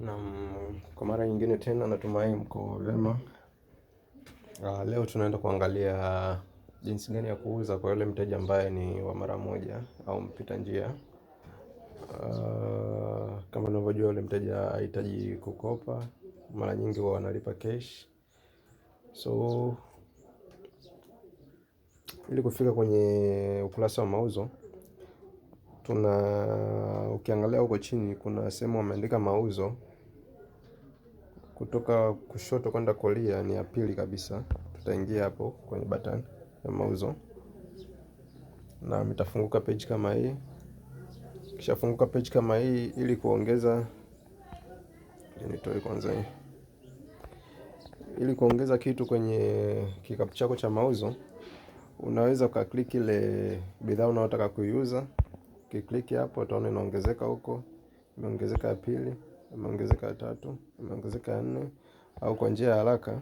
Naam, mm, kwa mara nyingine tena natumai mko vyema. Uh, leo tunaenda kuangalia jinsi gani ya kuuza kwa yule mteja ambaye ni wa mara moja au mpita njia. Uh, kama unavyojua yule mteja hahitaji kukopa, mara nyingi huwa wanalipa cash. So ili kufika kwenye ukurasa wa mauzo tuna ukiangalia huko chini kuna sehemu wameandika mauzo kutoka kushoto kwenda kulia ni ya pili kabisa. Tutaingia hapo kwenye button ya mauzo na mitafunguka page kama hii. Kishafunguka page kama hii, ili kuongeza nitoe kwanza hii, ili kuongeza kitu kwenye kikapu chako cha mauzo, unaweza ukaklik ile bidhaa unayotaka kuiuza. Ukikliki hapo, utaona inaongezeka huko, imeongezeka ya pili imeongezeka ya tatu, imeongezeka ya nne, au kwa njia ya haraka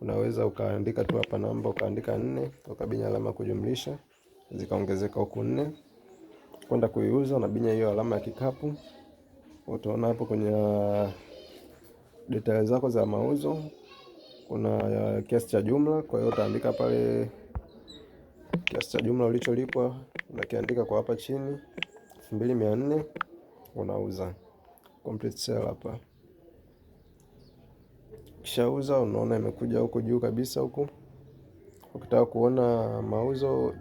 unaweza ukaandika tu hapa namba ukaandika nne ukabinya alama kujumlisha, zikaongezeka huku nne kwenda kuiuza, unabinya hiyo alama ya kikapu. Utaona hapo kwenye uh, details zako za mauzo kuna uh, kiasi cha jumla. Kwa hiyo utaandika pale kiasi cha jumla ulicholipwa, unakiandika kwa hapa chini elfu mbili mia nne unauza complete sell hapa. Kishauza unaona imekuja huku juu kabisa huku. Ukitaka kuona mauzo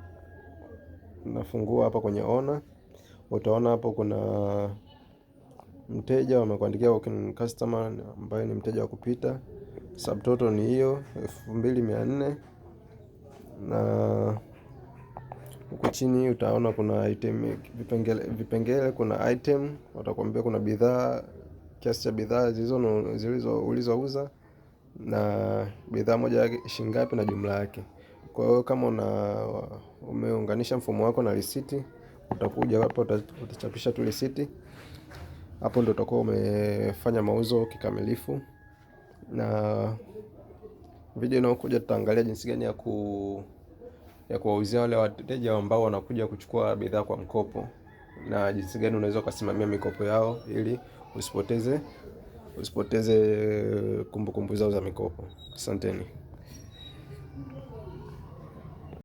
nafungua hapa kwenye ona, utaona hapo kuna mteja wamekuandikia walk-in customer ambaye ni mteja wa kupita. Subtotal ni hiyo elfu mbili mia nne na chini utaona kuna item vipengele, vipengele kuna item, watakwambia kuna bidhaa, kiasi cha bidhaa zilizo zilizo ulizouza na bidhaa moja yake shilingi ngapi na jumla yake. Kwa hiyo kama una umeunganisha mfumo wako na risiti, utakuja hapo utachapisha tu risiti. Hapo ndio utakuwa umefanya mauzo kikamilifu. Na video inayokuja tutaangalia jinsi gani ya ku ya kuwauzia wale wateja ambao wanakuja kuchukua bidhaa kwa mkopo, na jinsi gani unaweza ukasimamia mikopo yao ili usipoteze usipoteze kumbukumbu zao za mikopo. Asanteni.